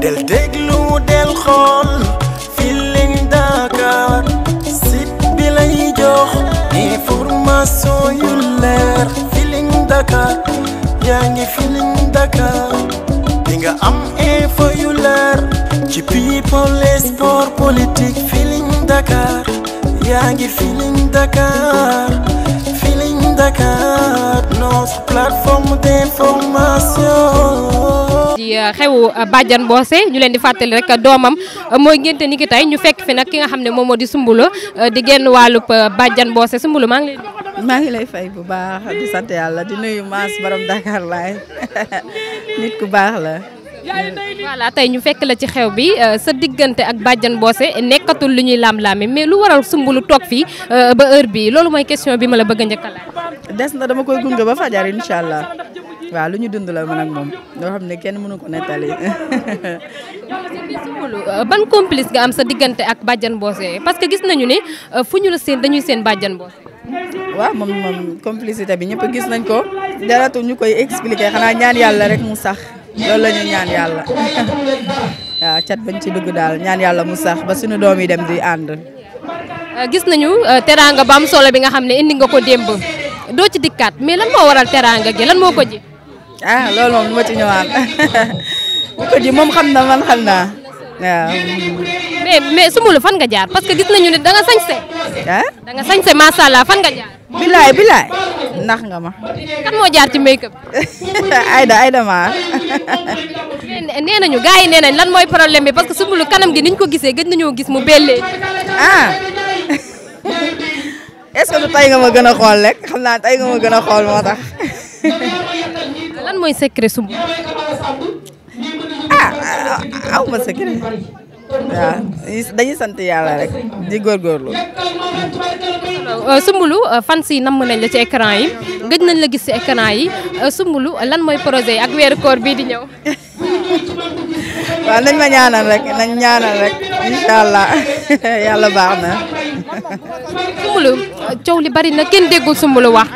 del déglu del xool Feeling Dakar site bi lay jox information leer Feeling Dakar yaa ngi Feeling Dakar di nga am info yu leer ci people et sport politique Feeling Dakar yaa ngi Feeling Dakar Dakar notre plateforme d'information. Euh, euh, ñu leen di fàttali rek doomam euh, mooy ngénte ni ki tey ñu fekk fi nag ki nga xam ne moom moo di sumbuloo di genn wàllub Badiane Bosse Soumboulou maa ngi lay. maa ngi lay fay bu baax di sant yàlla di nuyu maas borom Dakar nit ku baax la. voilà tey ñu fekk la ci xew bi sa diggante ak Badiane boose nekkatul lu ñuy laam-laame mais lu waral sumbulu toog fii ba heure bi loolu mooy question bi ma la bëgg a njëkk des na dama koy gunge ba fajar incha allah waaw lu ñu dund la man ak moom loo xam ne kenn mënu ko nettali. ban complice nga am sa diggante ak bàjjan Bosse parce que gis nañu ni euh, fu ñu la seen dañuy seen bàjjan Bosse. waaw moom moom complicité bi ñëpp gis nañ ko jaratul ñu koy expliquer xanaa ñaan yàlla rek mu sax loolu la ñaan yàlla waaw cat bañ ci dugg daal ñaan yàlla mu sax ba suñu doom yi dem di ànd. Euh, gis nañu euh, teraanga ba am solo bi nga xam ne indi nga ko démb. doo ci dikkaat mais lan moo waral teraanga gi lan moo ko ji. ah loolu moom du ma ci ñëwaat bu ko ji moom xam na man xam naa waaw. mais fan nga jaar parce que gis nañu ne da nga sañse. ah da nga sañse macha allah fan nga jaar. bilaay bilaay ndax nga ma. kan moo jaar ci make-up. Aïda Aïda maar. nee nañu gars yi nee nañ lan mooy problème bi parce que Soumboulou kanam gi niñ ko gisee gëj nañoo gis mu bellee. ah est-ce que du tey gën a xool rek. naa tey nga ma gën a xool moo tax. mooy secret su ah, ah, aw ma secret waaw dañuy sant yàlla rek di góorgóorlu. Euh, Soumboulou euh, fan si namm nañ la yi gëj nañ la gis ci yi euh, sumbulu lan mooy projet yi ak weeru koor bii di ñëw. waaw nañ ma ñaanal rek nañ ñaanal rek baax na. coow li bari na kenn déggul Soumboulou wax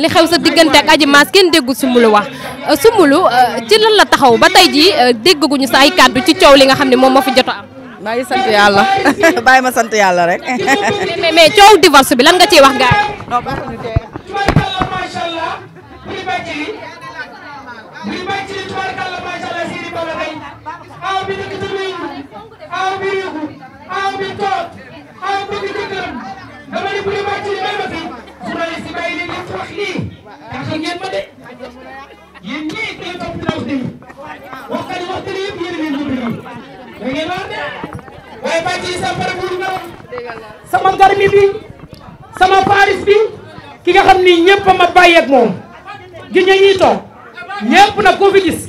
li xew sa diggante ak Adji Mass kenn déggul Soumboulou wax euh, Soumboulou euh, ci lan la taxaw ba tey jii euh, déggaguñu sa ay kàddu ci coow li nga xam ne moom moo fi jot am. maa ngi sant yàlla bàyyi ma sant yàlla rek. mais mais coow divorce bi lan nga ciy wax gars yi. sama garmi bi sama paris bi ki nga xam ni ñëpp a ma bàyyeeg moom gi ña ñuy toog ñëpp fi gis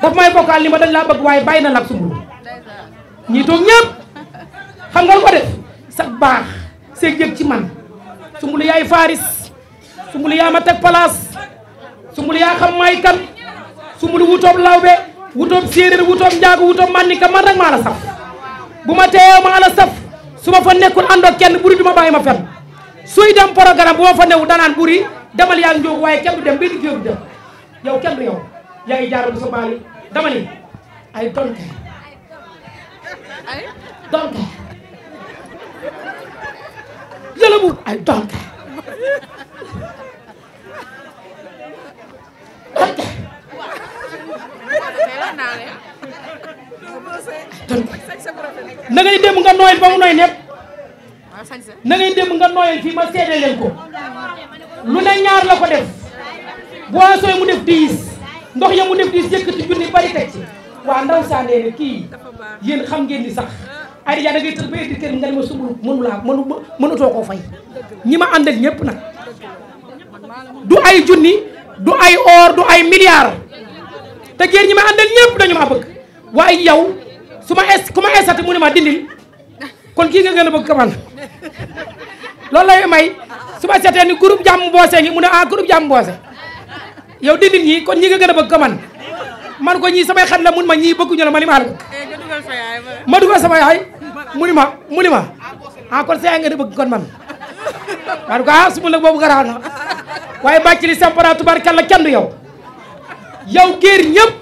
daf may bokkaal li ma dañ laa bëgg waaye bàyyi na lak sumbul ñii toog ñëpp xam nga lu baax see ci man sumbul yaay faris sumbul yaa ma teg place sumbul yaa xam may kan sumbul wutoob lawbe wutoob séeréer wutoob njaago wutoob man ni ka man rek maa saf bu ma teeyoo maa la saf su ma fa nekkul ànd ak kenn buri du ma bàyyi ma fen suy dem programme bu ma fa newul danaan buri demal yaa njóogu waaye kenn du dem benn géeru dem yow kenn du yow yaa ngi jaaral sa baali dama ni ay donte donte jëlabu ay donte nga nooy ba mu nooy nepp na ngay dem nga nooyal fii ma seede leen ko lu ne ñaar la ko def boisson yi mu def diis ndox ya mu def diis yëkkati junni bari teg ci waa ndaw Sane ne kii yéen xam ngeen ni sax ay da ngay tëdd ba yegg kër nga ne ma subul mënu laa mënu mënutoo koo fay ñi ma àndal ñëpp nag du ay junni du ay or du ay milliards te géer ñi ma àndal ñëpp dañu ma bëgg waaye yow su ma es ku ma esati mu ne ma dindil kon kii nga gën a bëgg kamal loolu lay may su ma seetee ni groupe jàmm boose ngi mu ne ah groupe jàmm boose yow di nit ñi kon ñi nga gën a bëgg kamal man ko ñii samay xel la mun ma ñii bëgguñu la ma ni maa la bëgg eh, ma dugal sama yaay mu ma mu ni ma ah kon sa yaay nga di bëgg kon man en tout cas ah, su ma boobu garaaw waaye bàcc li sempara tubarkalla kenn du yow yow géer ñëpp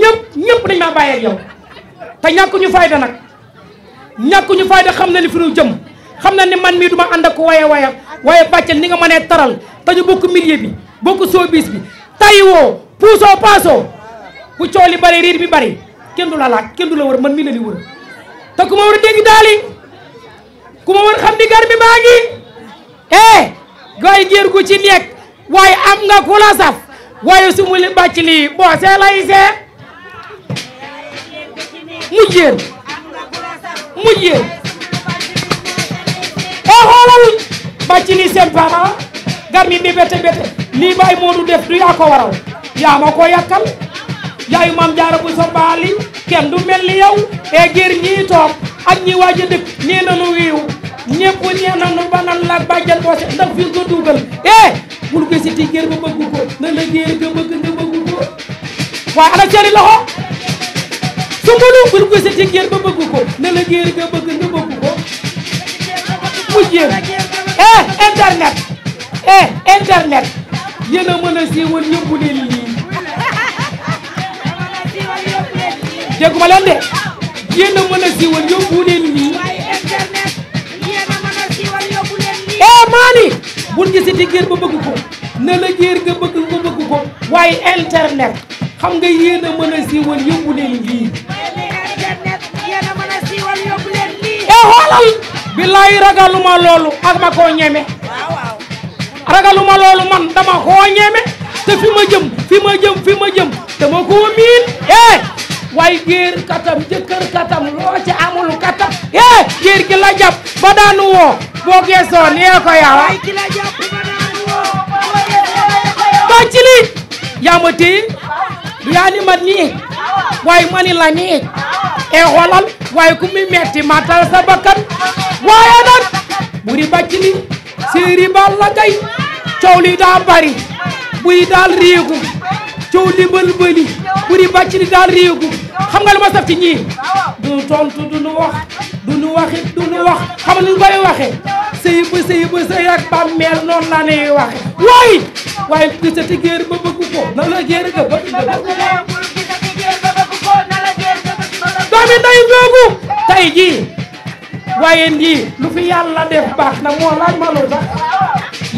ñëpp ñëpp dañ maa bàyyi ak yow te ñàkk ñu fayda nag ñàkkuñu fayda xam na li fi ñu jëm xam na ni man mii duma ànd ak waye waye waaye bàccal ni nga man taral te ñu bokk milieu bi bokk showbiz bi tayiwoo puusoo paasoo ku coow li bari riir bi bari kenn du la laaj kenn du la wër man mii la li wër te ku ma war a dégg daali ku ma war xam ni gar mi maa ngi eh gaay gu ci nekk waaye am nga ku la saf waaye su mu li bàcc lii boo see lay see mu jéer mujjee ee eh, xoolal bàcc ni seen parent garmi bi bete bete def du yaa ko waral ko yàkkal yaayu maam jaara bu baali kenn du mel ni e ñii toog ak ñi waaj nanu wiiw ñépp nee nanu ba nan boose ndax fii ee bul gisiti géer ba bëggu ko na la ana ceri loxo su ma doon proposé ci géer ba bëgg ko ne la géer nga bëgg nga bëgg eh, internet eh internet yéen a mën a siiwal yóbbu leen leen de yéen a mën a siiwal eh, maani bul gisati géer ba bëgg ko ne la géer nga bëgg nga waaye internet xam nga yéen a mën a xoolal billaay ragaluma loolu ak ma man dama koo ñeme te fi ma jëm fi eh! géer katam jëkkër katam loo amul katam eh géer gi la jàpp ba daanu woo boo geesoo nee ko yawa bàcc li yaa waaye ku muy metti matal sa bakkan waaye nag buri bàcc li séeri bal la gay coow li daa bari buy daal réegu coow li bëlbëli buri bàcc li daal réegu xam nga lu ma saf ci ñii du tontu du nu wax du nu waxit du nu wax xam nga lu koy waxe sëy ba sëy ba sëy ak bàmmeel noonu la nuy waxe waaye waaye du sa ti géer ba bëgg ko na la géer ga bëgg ga bëgg doomi nday njoogu tey jii waaye lii lu fi yàlla def baax na moo laaj ma lu sax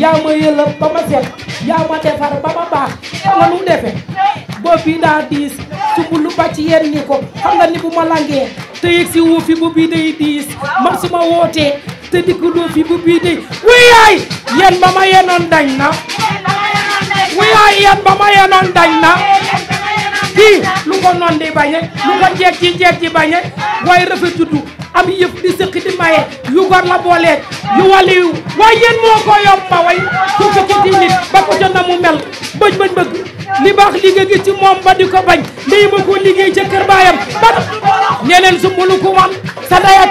yaa ma yëlëb ba ma set yaa ma defar ba ma baax la nu defe bopp bi daa diis subu lu bàcc yenn ko xam nga ni bu ma langee te si woo bu bii day diis man su wootee te dikkuloo fi bu bii day wuyaay yen ba ma yenoon dañ na wuyaay yen ba ma yenoon dañ na kii lu ko noon di bañe lu ko jeeg ci jeeg ci bañe waaye rafet juddu am yëf di sëq di maye yu gor la booleeg yu waliyu waaye yéen moo ko yomba way su fekki di nit na mu mel bëj bëj bëgg li baax liggéey ci moom ba di ko bañ ndey ma ko liggéey ca baayam ba ñeneen su wan sa daya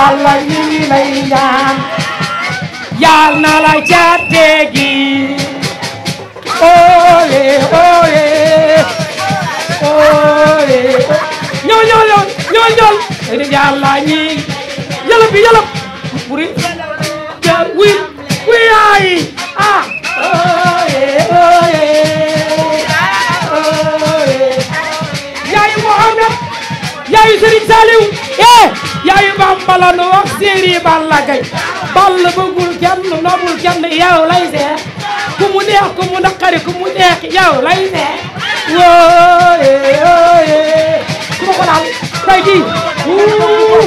yàlla ñu lay ñaan yal la jaate gi ole ole ole ñoo ñoo yàlla ñi yàlla bi yàlla buri ja wi wi ay séeréer Balla Gaye ball bëggul kenn nobul kenn yow lay seex ku mu neex ku mu naqari ku mu neex yow lay wooye wooye ku ma ko daal wuu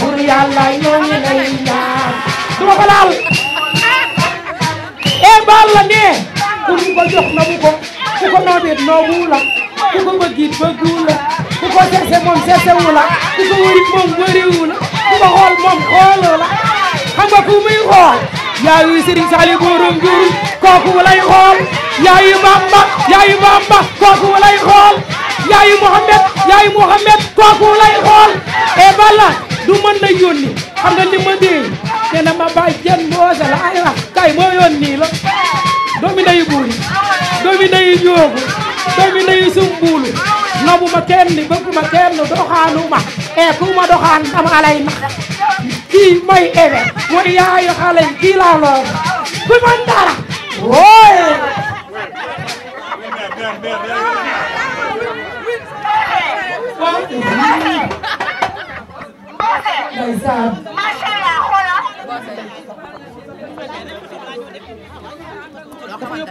pour eh. yàlla ñoo ngi lay ñaan ku ma ko daal e eh, Balla nee ku mu ko jox na mu ko ku ko noobit noobu ku ko bëgg it bëggu la ku ko seese moom seesewu la ku ko wëri moom wëriwu la ku ko xool moom xoolu la xam ku muy xool yaayu Serigne Saliou Borom Juri kooku lay xool yaayu Bamba yaayu Bamba kooku lay xool yaayu Mohamed yaayu Mohamed kooku lay xool e du mën na yónni xam nga li ma dee nee na ma bàyyi jën mboose la ay wax kay moo yónni la doomi ndeyu buuri doomi ndeyu jóobu doomi ndeyu sumbuulu nobuma kenn bëgguma kenn doxaanuma e kuma doxaan dama alay nax kii may ebe mooy yaayu kii laa ku man dara wooy ndeysaan masha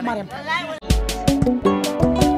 Allah